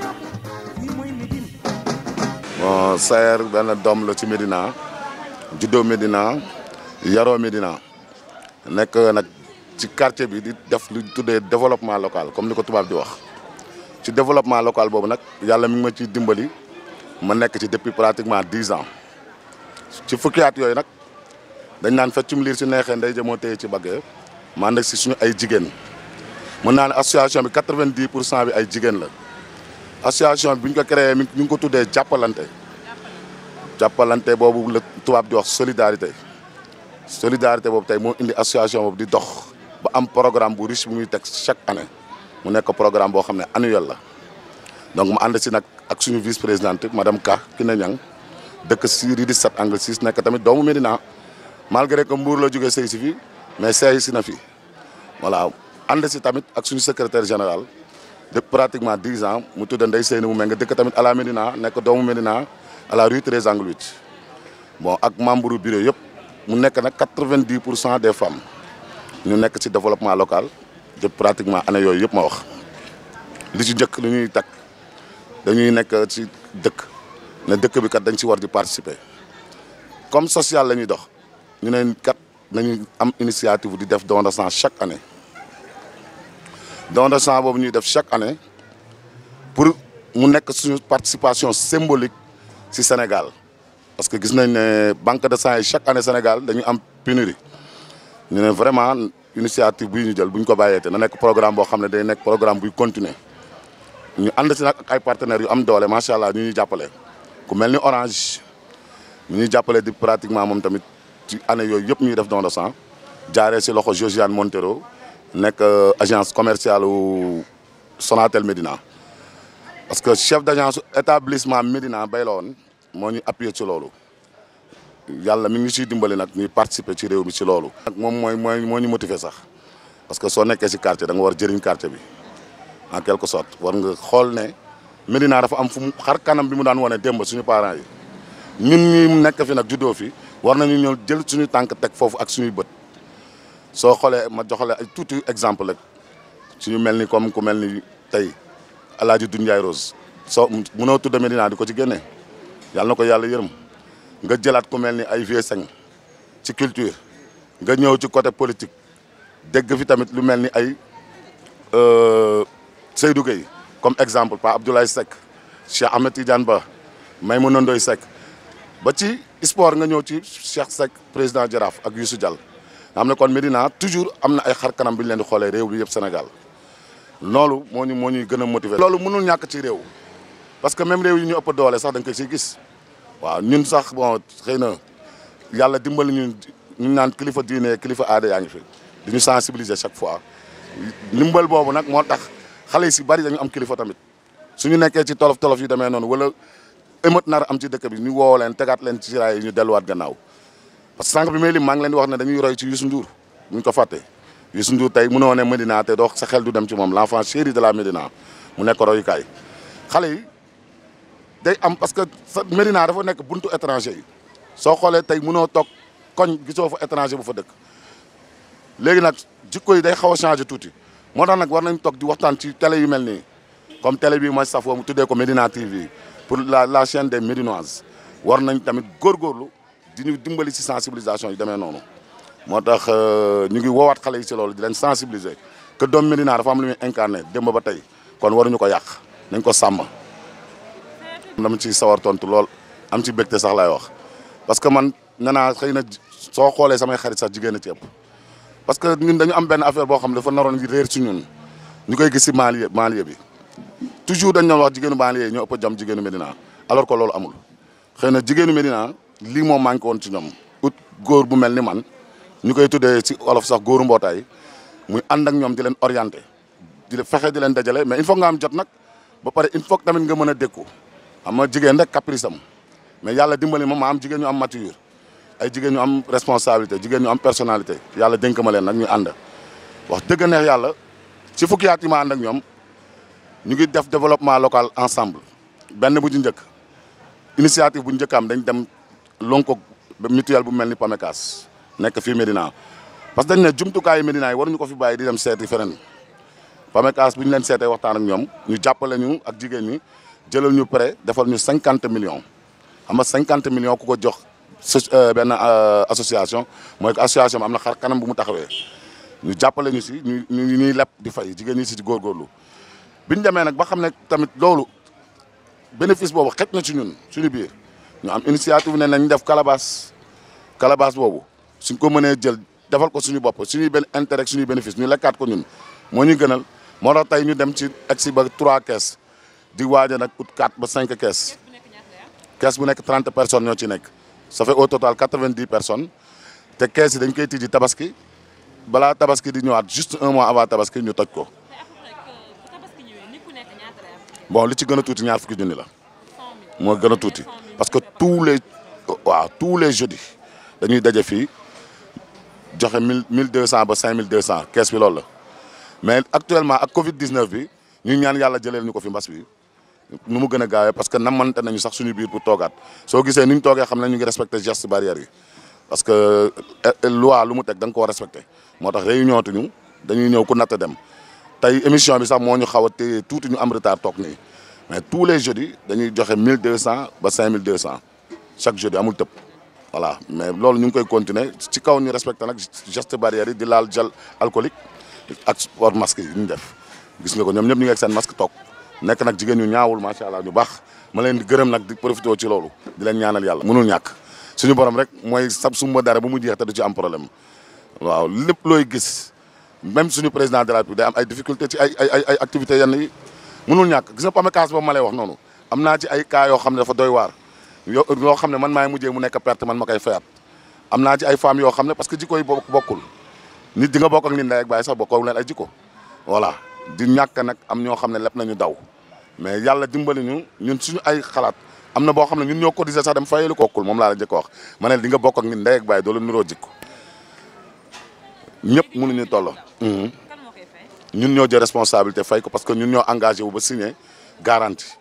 bon Saer benn doom la ci Médina juddoo Médina yaroo Médina nekk nag ci quartier bi di def lu tuddee développement local comme ni ko tubaab di wax ci développement local boobu nag yàlla mi ngi ma ciy dimbali ma nekk ci depuis pratiquement dix ans ci fukki yooyu nag dañ naan ci liir si neexee nday jëmoo téye ci baggee maa nekk si suñu ay jigéen mën naa ne association bi quatre vingt pour cent bi ay jigéen la association bi ñu ko créé mi ngi ko tuddee jàppalante jàppalante boobu la tubaab di wax solidarité solidarité boobu tey moo indi association boobu di dox ba am programme bu riche bu muy teg chaque année mu nekk programme boo xam ne annuel la donc mu ànd si nag ak suñu vice présidente madame Ka ne Niang dëkk si Rydhi 7 angle 6 nekk tamit doomu Médina malgré que Mbour la jógee sey si fi mais sey si na fi voilà ànd si tamit ak suñu secretaire général de pratiquement dix ans mu tudd Ndeye Seynabou Mbengue dëkk tamit à la Médina nekk doomu Médina à la rue treize angle huit bon ak membre yëpp mu nekk nag quatre-vingt-dix pour cent des femmes ñu nekk ci développement local de pratiquement année yooyu yëpp ma wax li ci njëkk lu ñuy takk dañuy nekk ci dëkk ne dëkk bi kat dañ ci war di participer comme social la ñuy dox ñu ne kat nañu am initiative di def don de sang chaque année. don de sang boobu ñuy def chaque année pour mu nekk suñu participation symbolique si Sénégal parce que gis nañ ne banque de sang yi chaque année Sénégal dañu am pénurie ñu ne vraiment initiative bu ñu jël bu ñu ko bàyyee te na nekk programme boo xam ne day nekk programme buy continuer ñu ànd ci nag ay partenaires yu am doole macha allah ñu ñuy jàppale ku mel ni Orange ñu ñuy jàppale di pratiquement moom tamit ci année yooyu yëpp ñuy def don de sang jaaree ci loxo Josiane Montero. nekk euh, agence commerciale u Sonatel Médina parce que chef d'agence établissement Médina Baye la woon moo ñu appuyé ci loolu yàlla mi ngi ciy dimbali nag ñuy participer ci réew mi ci loolu. ak moom mooy mooy moo ñu motiver sax parce que soo nekkee ci quartier da nga war jëriñ quartier bi en quelque sorte war nga xool ne Médina dafa am fu mu xar kanam bi mu daan wane démb suñu parent yi ñun ñu nekk fi nag juddoo fi war nañu ñëw jël suñu tànk teg foofu ak suñuy bët. soo xoolee ma joxale ay tuuti exemple rek ñu mel ni comme ku mel ni tey El Hadj Doudou Rose soo mënoo tudd Medina di ko ci génne yàlla na ko yàlla yërëm nga jëlaat ku mel ni ay vieux seng ci culture nga ñëw ci côté politique dégg fi tamit lu mel ni ay euh, Seydou Gueye comme exemple Pa Abdoulaye Seck Cheikh Ahmed Tidiane Ba Maymouna Ndoye Seck ba ci sport nga ñëw ci Cheikh Seck président Jaraaf ak Youssou Diall nga xam ne kon Médina toujours am na ay xar kanam bi ñu leen di xoolee réew bi yëpp Sénégal loolu moo ñu moo ñuy gën a motiver. loolu mënul ñàkk ci réew parce que même réew yi ñu ëpp doole sax da nga koy gis waaw ñun sax bon xëy na yàlla dimbali ñu ñu naan kilifa diine kilifa aada yaa ñu fi du ñu sensibiliser chaque fois ndimbal boobu nag moo tax xale yi si bari dañu am kilifa tamit su ñu nekkee ci tolof tolof yu demee noonu wala emat nar am ci dëkk bi ñu woo leen tegaat leen ci raay yi ñu delluwaat gannaaw. parce que sànq bi may lim maa ngi leen wax ne dañuy roy ci Youssou Ndour buñ ko fàttee Youssou Ndour tey mënoo ne Médina te sa xel du dem ci moom l'enfant chéri de la Médina mu nekk royukaay xale yi day am parce que sa Médina dafa nekk buntu étranger yi soo xoolee tey mënoo toog koñ gisoo fa étranger bu fa dëkk léegi nag jikko yi day xaw a changé tuuti moo tax nag war nañ toog di waxtaan si télé yu mel nii comme tele bii mooy safoo mu tuddee ko Médina TV pour la la chaîne des médinoises war nañ tamit góorgóorlu di ñu dimbali si sensibilisation yi demee noonu moo tax euh, ñu ngi woowaat xale yi si loolu di leen sensibiliser que doom Médina dafa am lu muy incarné démb ba tey kon waruñu ko yàq nañ ko sàmm. dama ci sawar tontu lool am ci bégte sax laay wax parce que man nee naa xëy na soo xoolee samay xarit sax jigéen a ci ëpp parce que ñun dañu am benn affaire boo xam ne dafa naroon di réer ci ñun ñu koy gis si banlieue banlieue bi toujours dañ doon wax jigéenu banlieue yi ñoo ëpp a jom jigéenu Médina alors que loolu amul xëy na jigéenu Médina lii moom manqué woon ci ñoom ut góor bu mel ni man ñu koy tuddee ci olof sax góoru mbootaay muy ànd ak ñoom di leen orienté di leen fexe di leen dajale mais il faut nga am jot nag ba pare il faut tamit nga mën a dékku am na jigéen rek caprice mais yàlla dimbali ma ma am jigéen ñu am mature ay jigéen ñu am responsabilité jigéen ñu am personalité yàlla dénk ma leen nag ñu ànda wax dëgg neex yàlla ci fukki at yi ma ànd ak ñoom ñu ngi def développement local ensemble benn bu ci njëkk initiative bu njëkk am dañ dem. lonko mutuelle bu mel ni PAMECAS nekk fii Médina parce que dañ ne jumtukaayu Médina yi waruñu ko fi bàyyi di dem seeti feneen PAMECAS bu ñu leen seetee waxtaan ak ñoom ñu jàppale ñu ak jigéen ñi jëlal ñu pre defal ñu cinquante million xam nga cinquante millions ku ko jox euh, benn euh, association mooy que association am na xar kanam bu mu taxawee ñu jàppale ñu si ñu ñu ñuy leb di fay jigéen ñi si di góorgóorlu bi ñu demee nag ba xam ne tamit loolu bénéfice boobu xëj na ci ñun suñu biir. ñu am initiative ne nañ def calebasse calebasse boobu suñ ko mënee jël defal ko suñu bopp suñuy benn intérêt suñuy bénéfice ñu lekkaat ko ñun moo ñu gënal moo tax tey ñu dem ci egsi ba trois caisses di waaj nag ut quatre ba cinq caisses caisse bu nekk trente personnes ñoo ci nekk ça fait au total quatre-vingt-dix personnes te kees yi dañ koy tijji tabaski balaa tabaski di ñëwaat juste un mois avant tabaski ñu toj ko euh, bon li ci gën a tuuti ñaar fukki junni la moo gën a tuuti parce que tous les waaw tous les jeudis dañuy daje fii joxe mille mille deux cent ba cinq mille deux cent kees bi loolu la mais actuellement ak Covid 19 bi ñu ñaan yàlla jëleel ñu ko fi mbas bi nu mu gën a gaawee parce que namante nañu sax suñu biir bu toogaat soo gisee ni ñu xam ne ñu ngi respecté gestes barrières yi parce que eh, eh, loi lu mu teg da nga koo respecté moo tax réunion tuñu dañuy ñëw ku natt dem tey émission bi sax moo ñu xaw a téye tuuti ñu am retard toog nii. mais tous les jeudis dañuy joxe 1200 ba 5200 chaque jeudi amul tëb voilà mais loolu ñu ngi koy continuer ci kaw ñu respecté nag geste barrière yi di laal gel alcoolique ak port masque yi ñu def gis nga ko ñoom ñëpp ñu ngi ak seen toog nekk nag jigéen ñu ñaawul macha allah ñu baax ma leen di gërëm nag di profité ci loolu di leen ñaanal yàlla mënul ñàkk suñu borom rek mooy sab sumba dara bu mu jeex te du ci am problème waaw lépp looy gis même suñu président de la République day am ay difficulté ci ay ay ay activités yenn mënul ñàkk gis nga pame kaas boobu ma wax noonu am naa ci ay cas yoo xam ne dafa doy waar yo yoo xam ne man maay jee mu nekk perte man ma koy fayaat am naa ci ay femmes yoo xam ne parce que jikko yi bokkul nit di nga bokk ak nit ndey ak baay sax bokkoo leen ay jikko voilà di ñàkk nag am ñoo xam ne lépp nañu daw mais yàlla dimbali ñu ñun suñu ay xalaat am na boo xam ne ñun ñoo cotiser sax dem fayeelu kokkul moom laa la njëkk a wax ma bokk ak nit ndey ak baay doo la niroo mu nu mënuñu tolloo mm-hmm. ñun ñoo jël responsabilité fay ko parce que ñun ñoo engagé wu ba signé garantie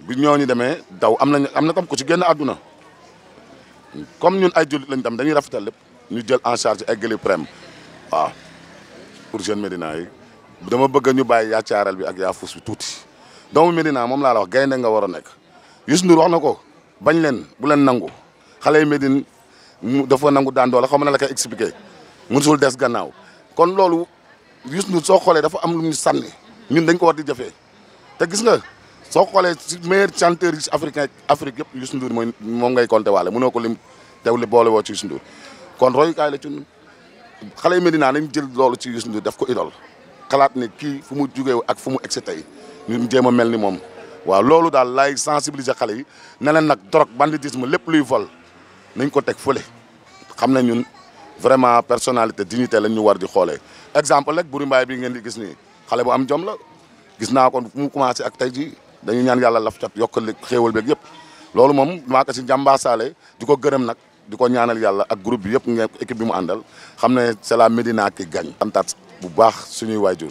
bi ñooñu demee daw am nañ am na tam ko ci génn adduna comme ñun ay jullit lañ tam dañuy rafetal lépp ñu jël en charge ay gëli prem waaw pour jeune Médina yi dama bëgg ñu bàyyi yaacaaral bi ak yaafus bi tuuti doomu Médina moom laa la wax gaynde nga waroo nekk Youssou Ndour wax na ko bañ leen bu leen nangu xale yi Médine dafa nangu daan doole xam na ne la koy expliqué mësul des gannaaw Youssou Ndour soo xoolee dafa am lu ñu sànni ñun dañ ko war di jëfee te gis nga soo xoolee si meilleur chanteur yi si africain Afrique yëpp Youssou Ndour moom ngay compter waale mënoo ko lim teew li boole woo ci Youssou Ndour kon royukaay la ci ñun xale yi Medina nañ jël loolu ci Youssou Ndour def ko idole xalaat ne kii fu mu jugee ak fu mu egsi tey ñun jéem a mel ni moom waaw loolu daal laay sensibiliser xale yi ne leen nag drogue banditisme lépp luy vol nañ ko teg fële xam ne ñun vraiment personnalité dignité lañ ñu war di xoolee exemple rek Boury Mbaye bi ngeen di gis nii xale bu am jom la gis naa ko fu mu commencé ak tey jii dañuy ñaan yàlla laf cat yokkal xéewal beeg yëpp loolu moom maa ko si jàmbaasaale di ko gërëm nag di ko ñaanal yàlla ak groupe bi yëpp ngeen équipe bi mu àndal xam ne c'est la Médina qui gagne santaat bu baax suñuy waajur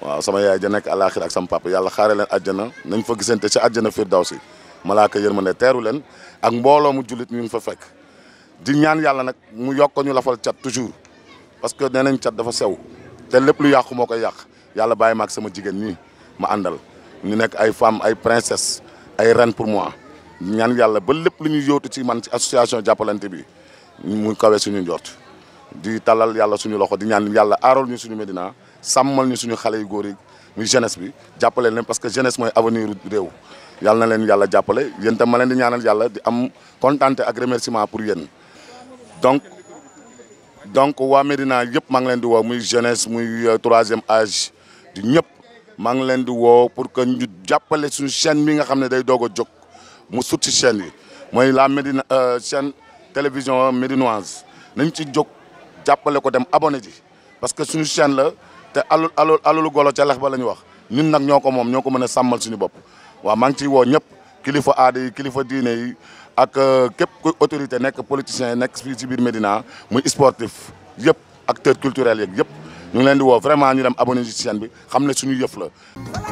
waaw sama yaay ja nekk àlaxir ak sama papa yàlla xaare leen àjjana nañ fa gisante ci àjjana firdawsi malaaka yërmande teeru leen ak mbooloo mu jullit ñu fa fekk di ñaan yàlla nag mu yokk ñu lafal cat toujours parce que nee nañ cat dafa sew te lépp lu yàqu moo koy yàq yàlla bàyyi ma ak sama jigéen ñi ma àndal ñu nekk ay femme ay princesse ay ren pour moi ñaan yàlla ba lépp lu ñuy yootu ci man ci association jàppalante bi mu kawe suñu njort di talal yàlla suñu loxo di ñaan yàlla aaral ñu suñu Médina sàmmal ñu suñu xale yu góor yi muy jeunesse bi jàppale leen parce que jeunesse mooy avenir réew yàlla na leen yàlla jàppale yéen tam ma di ñaanal yàlla di am contenté ak pour yéen donc donc waa Médina yëpp maa ngi leen di woo muy jeunesse muy euh, troisième age di ñëpp maa ngi leen di woo pour que ñu jàppale suñu chaine mi nga xam ne day doog a jóg mu sut ci chaîne yi mooy la Médina euh, chaine télévision médinoise nañ ci jóg jàppale ko dem abonné ji parce que suñu chaîne la te alul alo alul golo ca lex ba la ñu wax ñun nag ñoo ko moom ñoo ko mën a sàmmal suñu bopp waaw maa ngi woo ñëpp kilifa aada kilifa diine yi ak euh, képp ku autorité nekk politicien nekk fii ci biir Médina muy sportif yëpp acteur culturel yeeg yëpp ñu ngi leen di woo vraiment ñu dem abonné ci bi xam ne suñu yëf la